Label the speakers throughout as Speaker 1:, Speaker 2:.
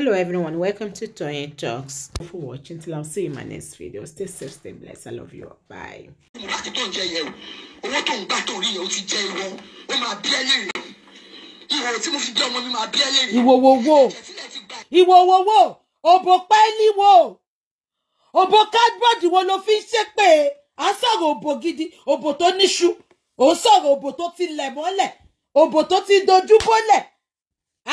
Speaker 1: hello everyone welcome to Toyin Talks Thank you for watching till I see you in my next video stay safe stay blessed i love you all. bye. ìwòwòwò ìwòwòwò òbò pẹ́ẹ́lí wo òbò cardboard wo ló fi ń ṣépè à sọ̀rọ̀ òbò gidi òbò tó níṣu ò sọ̀rọ̀ òbò tó ti lẹ̀ mọ́lẹ̀ òbò tó ti dojú bólẹ̀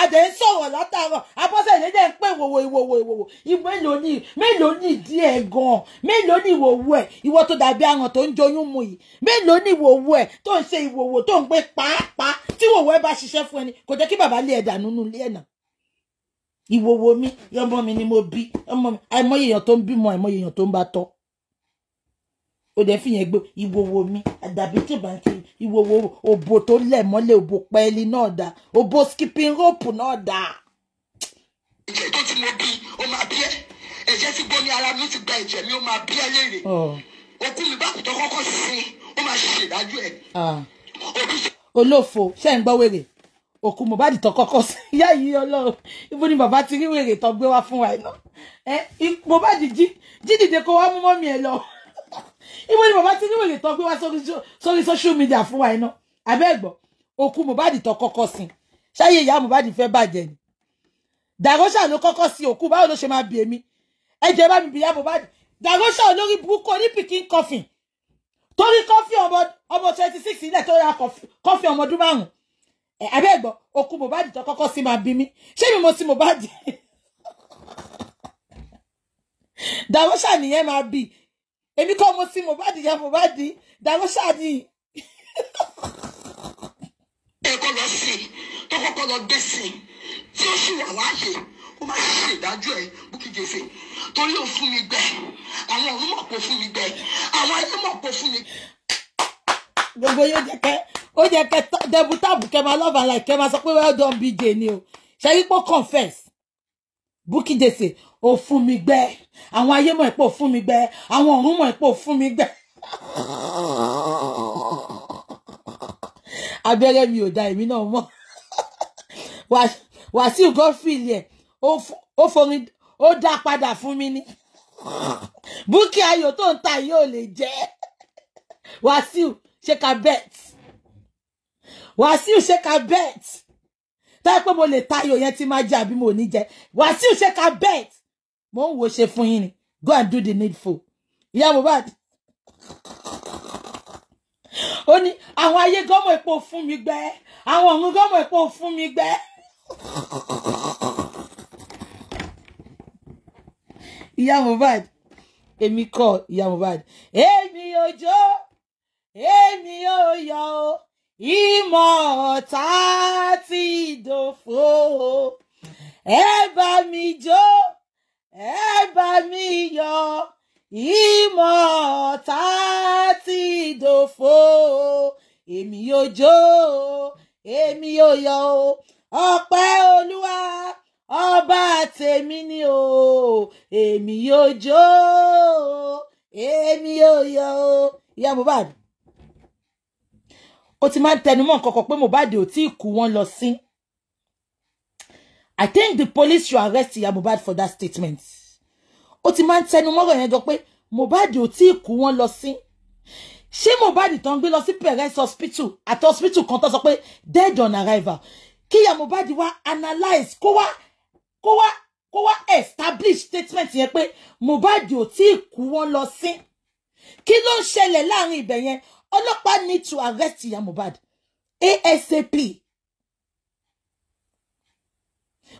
Speaker 1: àdé ń sọ̀rọ̀ látàárọ̀ abọ́sẹ̀lẹ̀ dẹ̀ ń pè wòwò ìwòwò ìwòwò ìwé lóní mélòó ní ìdí ẹ̀ gan-an mélòó ní ìwòwò ẹ̀ ìwọ tó dàbí aràn tó ń joyún mu yìí mélòó ní ìwòwò ẹ̀ tó ń ṣe ìwòwò tó ń gbé pàápàá tí wòwò ẹ̀ bá ṣiṣẹ́ fún ẹni kò jẹ́ kí bàbá lé ẹ̀dà nínú ilé ẹ̀ náà ìwòwò mi ọmọ mi ni mo bí ọmọ mi àìmọye èèyàn tó ń bímọ àìmọye èèyàn tó ń bá tọ́ ó dẹ̀ fi yẹn gbé ìwòwò mi àdàbí tí bá ń kí ìwòwò òbò tó lẹ̀ mọ́lẹ̀ òbò pẹ́ẹ́lí náà dá òbò skipping rope náà dá. ẹ̀jẹ̀ tó ti
Speaker 2: mo bí ó máa bí ẹ́ ẹ̀jẹ̀ tí gbóni ara mi ti gba ẹ̀jẹ̀ mi ó máa bí ẹ́ léèrè òkú mi bá kùtọ́ kọ́kọ́ sin ó máa ṣe ìdájọ́ ẹ̀.
Speaker 1: olófo ṣe ń gbọ́ wèrè òkú Mohbad tó kọ́kọ́ sí ìyá yìí Ọlọ́run ibo ni bàbá ti rí wèrè tó gbé wá fún wa iná Mohbad jí jí dìde kó wá mú mọ́mí ẹ lọ ìwọ ni bàbá tí níwèé lè tọ́ gbé wá sórí social media fún wa iná abẹ́gbọ́ òkú Mohbad tó kọ́kọ́ sin ṣáyé ìyá Mohbad fẹ́ bàjẹ́ ni dàgọ́ṣà ló kọ́kọ́ sin òkú báwo ló ṣe máa bì èmi ẹ̀jẹ̀ bá mi bì ìyá Mohbad dàgọ́ṣà olórí burúkú onípìkín kọfìn torí kọfí ọmọ ọmọ twenty six ilẹ̀ tó ra kọfí ọmọ ọdún márùn-ún abẹ́gbọ́ òkú Mohbad tó kọ́kọ́ sin máa bí mi ṣé mi mo sin Mohbad dàgọ́ṣà nìyẹn máa bì èmi kọ́ mo sí Mohbad ya Mohbad dáná ṣáàdì.
Speaker 2: ẹ̀kọ́ lọ sí i tọ́kọ́ kọ́ lọ gbé sí i tí ó sì wà láàyè ó máa ṣe ìdájọ́ ẹ̀ Bukky Jesse torí ó fún mi gbẹ àwọn ọ̀run mọ̀ kó fún mi gbẹ àwọn ayé mọ̀ kó fún mi.
Speaker 1: gbogbo yóò jẹ kẹ ó jẹ kẹ dẹbù táàbù kẹ máa lọ́ọ̀bà láì kẹ máa sọ pé well done BJ ni o ṣe yípo confess bukidese o fún mi gbẹ àwọn ayé mọ̀ ìpò fún mi gbẹ àwọn ọ̀run mọ̀ ìpò fún mi gbẹ. abẹ́rẹ́ mi ò da èmi náà mọ̀ wàsíù gọ́fìlì ẹ̀ ó forin ó dá padà fún mi ní búkì ayò tó ń ta yóò lè jẹ́ wàsíù ṣe ka bet wàsíù ṣe ka bet táyẹ pé mo lè tayò yẹn tí máa jẹ àbí mo ní jẹ Wàsíù ṣe ká bet mo ń wo ṣe fún yín ni go and do the needful ìyá Mohbad ó ní àwọn ayé gọ́mọ̀ epo fún mi gbẹ àwọn ọ̀run gọ́mọ̀ epo fún mi gbẹ. ìyá Mohbad èmi kọ́ ìyá Mohbad èmi ò èmi ò yọ̀ o ìmọ̀ ọ̀tá ti dòfo ẹ bá mi jó ẹ bá mi yọ̀ ìmọ̀ ọ̀tá ti dòfo èmi yóò jó èmi yóò yọ̀ ọpẹ́ olúwa ọba tèmi ni o èmi yóò jó èmi yóò yọ̀ ìyá Mohbad ó ti máa ń tẹnumọ́ nǹkan kan pé Mohbad ò tí ì kú wọ́n lọ I think the police should arrest Iya Mohbad for that statement. ó ti máa ń tẹnumọ́ ọ̀rọ̀ yẹn jọ pé Mohbad ò tí ì kú wọ́n lọ sí. ṣé Mohbad tó ń gbé lọ Perez hospital àti hospital kan tó sọ pé dead on arrival kí Iya Mohbad wá analyse kó wá kó wá kó wá establish statement yẹn pé Mohbad ò tí ì kú wọ́n lọ sí. kí ló ń ṣẹlẹ̀ láàrin ọlọ́pàá need to arrest ìyá Mohbad asap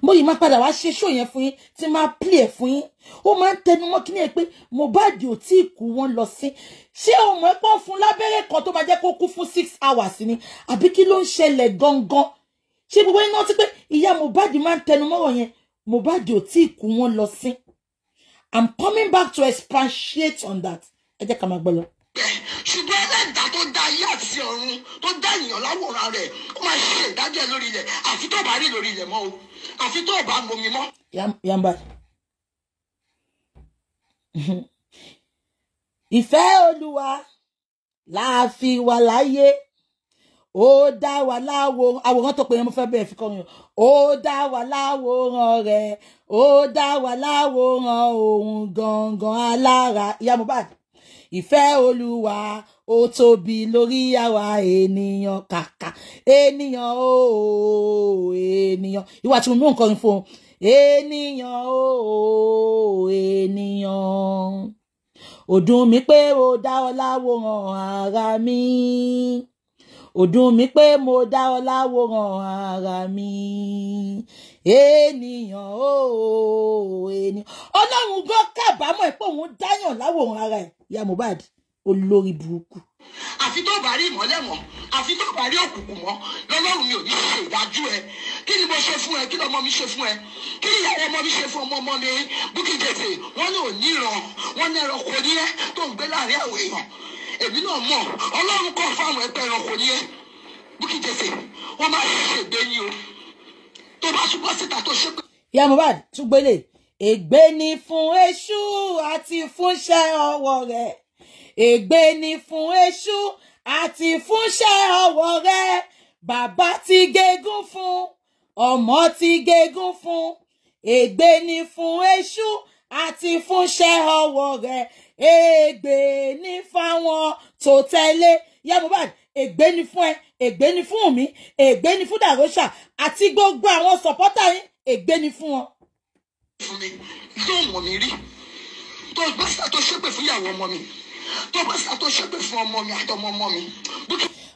Speaker 1: mo yìí máa padà wá ṣe ṣó yẹn fún yín tí máa plé ẹ fún yín ó máa ń tẹnu mọ́ kíní ẹ pé Mohbad ò tí ì kú wọ́n lọ sí ṣé o mọ̀ pé ó fún lábẹ́rẹ́ kan tó máa jẹ́ kó kú fún six hours ni àbí kí ló ń ṣẹlẹ̀ gangan ṣé gbogbo iná ti pé ìyá Mohbad máa ń tẹnu mọ́rọ̀ yẹn Mohbad ò tí ì kú wọ́n lọ sí I'm coming back to expatiate on that ẹ jẹ́ ká máa gbọ́ lọ
Speaker 2: ṣùgbọ́n ẹlẹ́dà tó dá ayé àti ọ̀run tó dá ènìyàn láwòrán rẹ̀ ó máa ṣe ìdájọ́ lórí ilẹ̀ àfi tó bá rí lórí ilẹ̀ mọ́ o àfi tó bá momi mọ́.
Speaker 1: yamba ìfẹ́ olúwa la wà láyé ó dá wa láwo àwòrán tó pè é mo fẹ́ bẹ́ẹ̀ fi kọrin ó dá wa láwòrán rẹ̀ ó dá wa láwòrán òun gangan alára ìyá Mohbad ìfẹ́ olúwa ó tóbi lórí àwa ènìyàn kàkà ènìyàn o ènìyàn ìwà tí mo mú nǹkan fún ènìyàn o ènìyàn ó dùn mí pé o dá ọ láwòrán ara mi ó dùn pé mo dá ọ láwòrán ara mi ènìyàn ooo ènìyàn ọlọ́run gan kábàámọ̀ pé òun dáyàn láwòrán ara ẹ̀ ìyá Mohbad olórí burúkú.
Speaker 2: àfi tó bá rí ìmọ́lẹ̀ mọ́ àfi tó bá rí òkùnkùn mọ́ lọ́lọ́run mi ò ní ṣe ìdájú ẹ kí ni mo ṣe fún ẹ kí lọmọ mi ṣe fún ẹ kí ni ìyàwó ọmọ mi ṣe fún ọmọ ọmọ mi Bukky Jesse wọn ní òní ìran wọn ní ẹranko ní ẹ tó ń gbé láàrin àwọn èèyàn èmi náà mọ̀ ọlọ́run kọ́ fáwọn ẹgbẹ́ ẹranko ní ẹ Bukky Jesse wọn máa ṣègbè yín o tó bá ṣùgbọ́n síta tó ṣe pé.
Speaker 1: ìyá Mohbad tún gbélé ègbé ni fún èṣù àti fúnṣẹ́ ọwọ́ rẹ̀ ègbé ni fún èṣù àti fúnṣẹ́ ọwọ́ rẹ̀ bàbá ti gégún fún ọmọ ti gégún fún ègbé ni fún èṣù àti fúnṣẹ́ ọwọ́ rẹ̀ ègbé ni fáwọn tó tẹ̀lé ìyá Mohbad ègbé ni fún ẹ ègbé ni fún mi ègbé ni fún dàrósà àti gbogbo àwọn sọpọ́tà yín ègbé ni fún wọn.
Speaker 2: yóò mọ̀ mí rí tó bá ṣàtò ṣépè fún ìyàwó ọmọ mi tó bá ṣàtò ṣépè fún ọmọ mi àtọmọ ọmọ mi.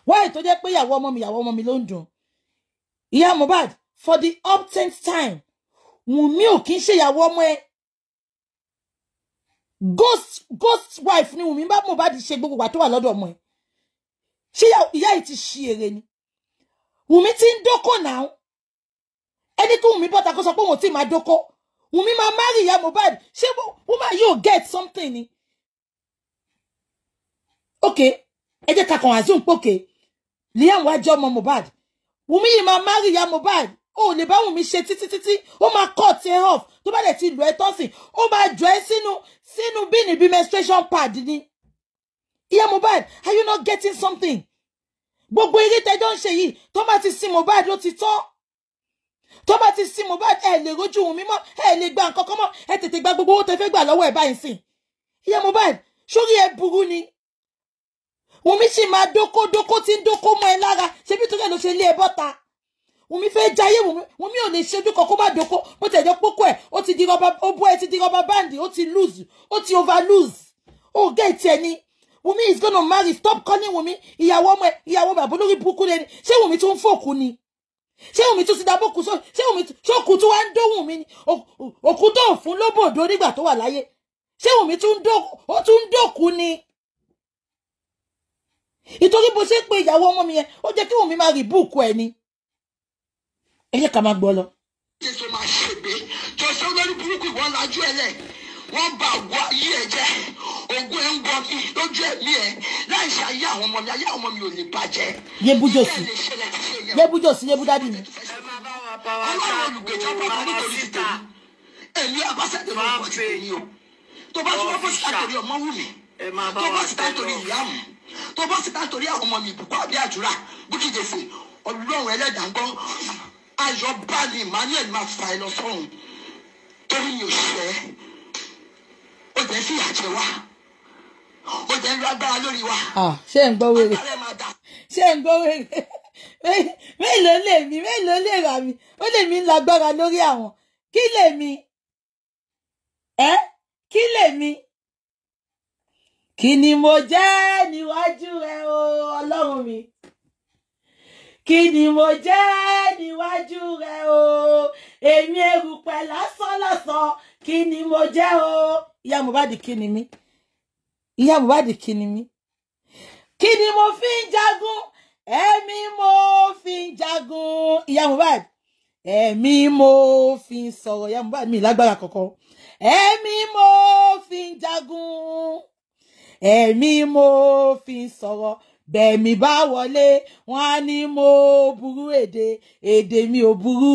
Speaker 1: wáyé tó jẹ́ pé ìyàwó ọmọ mi ìyàwó ọmọ mi ló ń dùn ìyá Mohbad for the up uptenth time Wùnmí ò kí ń ṣèyàwó ọmọ ẹ ghost ghost wife ni Wùnmí bá Mohbad ṣe gbogbo wà tó wà lọ́dọ̀ ọmọ ẹ ṣé ìyá yìí ti ṣí èrè ni wùmí ti ń dóko náà ẹni tó wùmí bọ́ta kó sọ pé òun ti máa dóko wùmí máa márì ìyá Mohbad ṣé woman yóò get something ni. ok ẹ jẹ́ ká kàn azum pòkè Liam wá jẹ́ ọmọ Mohbad wùmí yìí máa márì ìyá Mohbad o ò lè bá wùmí ṣe títí títí ó máa cut ẹ off tó bá dẹ̀ ti lù ẹ tọ́sìn ó máa jọ ẹ sínú sínú bíi ní bíi menstruation pad ni ìyá Mohbad are you not getting something gbogbo eré tẹjọ ń ṣe yìí tó bá ti sin Mohbad ló ti tán tó bá ti sin Mohbad ẹ lè rojú òun mímọ́ ẹ lè gba nǹkan kan mọ́ ẹ tètè gba gbogbo owó tẹ fẹ́ gbà lọ́wọ́ ẹ báyìí sìn ìyá Mohbad sórí ẹ burú ni Wùmí sì máa dókó dókó tí ń dókó mọ́ ẹ lára ṣebí torí ẹ ló ṣe lé ẹ bọ́ta Wùmí fẹ́ jayé Wùmí Wùmí ò lè ṣojú kan kó má dókó bó tẹ̀ jọ pókó ẹ̀ ó ti di rọba ó bọ́ ẹ ti di rọba báǹdì ó ti lose ó ti over lose ó gẹ̀ẹ́tì ẹni Wumi is gonna marry stop calling Wumi ìyàwó ọmọ ẹ ìyàwó bàbá olórí burúkú lẹni ṣé Wumi tún fòkú ni ṣé Wumi tún ti dá bókú sọ ṣé Wumi ṣé òkú tún wá ń dó Wumi ni òkú tó fún lóbòdó nígbà tó wà láyé ṣé Wumi tún dó ó tún dókú ni ìtorí bó ṣe pé ìyàwó ọmọ mi yẹn ó jẹ́ kí Wumi máa rí búùkù ẹ ni ẹ yẹ ká máa gbọ́ lọ. tó máa
Speaker 2: ṣègbè tó ṣe olórí burúkú ìwọ́n lajú ẹlẹ̀ wọ́n bá wọ ayé ẹ kankan lójú ẹ̀mí ẹ̀ láì ṣe ayé àwọn ọmọ mi ayé àwọn ọmọ mi ò lè bàjẹ́. yébújòsí
Speaker 1: yébújòsí yébúdádì mi.
Speaker 2: ọlọ́run olùgbèjà bàbá nítorí ìtò èmi àbáṣẹ́dẹ̀ ló pọ̀ sí èmi o tó bá tún wọ́n fún síta torí ọmọ wù mí tó bá síta torí ìyá mi tó bá síta torí àwọn ọmọ mi ìbùkún àbí àdúrà bùkìdèsè ọlọ́run ẹlẹ́dàá ń gbọ́ ayọ̀ bá ní emmanuel máa fà ẹ lọ sọ́run torí mi ò ṣẹ́ ó jẹ́ fìyà jẹ wá ó
Speaker 1: jẹ́ irú agbára lórí wa. ṣé ń gbọ́ wèrè ṣé ń gbọ́ wèrè mélòó lè mi mélòó lè rà mí ó lè mi lágbára lórí àwọn kí lè mi ẹ kí lè mi kí ni mo jẹ́ níwájú rẹ o ọlọ́run mi kí ni mo jẹ́ níwájú rẹ o èmi erùpẹ̀ lásán lásán kí ni mo jẹ́ o ìyá Mohbad kí ni mi ìyá bàbá àdìkí ni mí kí ni mo fi ń jagun ẹ̀mí mo fi ń jagun ìyá Mohbad ẹ̀mí mo fi ń sọ̀rọ̀ ìyá Mohbad mi lágbára kọ̀ọ̀kan ẹ̀mí mo fi ń jagun ẹ̀mí mo fi ń sọ̀rọ̀ bẹ̀mí bá wọlé wọn á ní mo burú èdè èdè mi ò burú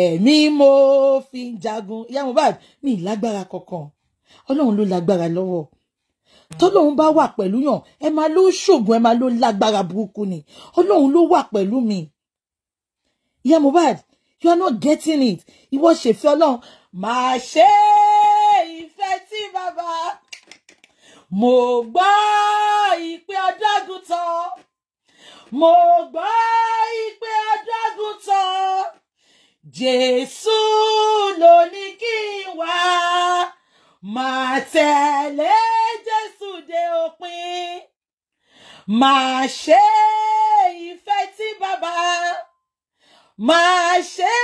Speaker 1: ẹ̀mí mo fi ń jagun ìyá Mohbad mi lágbára kọ̀ọ̀kan ọlọ́run ló lágbára lọ́wọ́ tọ́lọ́run bá wà pẹ̀lú yàn ẹ máa ló ṣògùn ẹ máa ló lágbára burúkú ni ọlọ́run ló wà pẹ̀lú mi ìyá Mohbad you are not getting it ìwọ ṣèfẹ́ ọlọ́run màá ṣe ìfẹ́ tí bàbá mo gbọ́ ìpè ọ̀dọ́gùn tán mo gbọ́ ìpè ọ̀dọ́gùn tán jésù ló ní kí n wá màá tẹ̀lé. Màá ṣe ìfẹ́ tí bàbá. Màá ṣe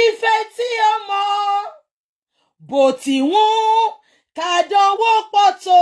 Speaker 1: ìfẹ́ tí ọmọ. Bó ti wù ká pọ̀ tó.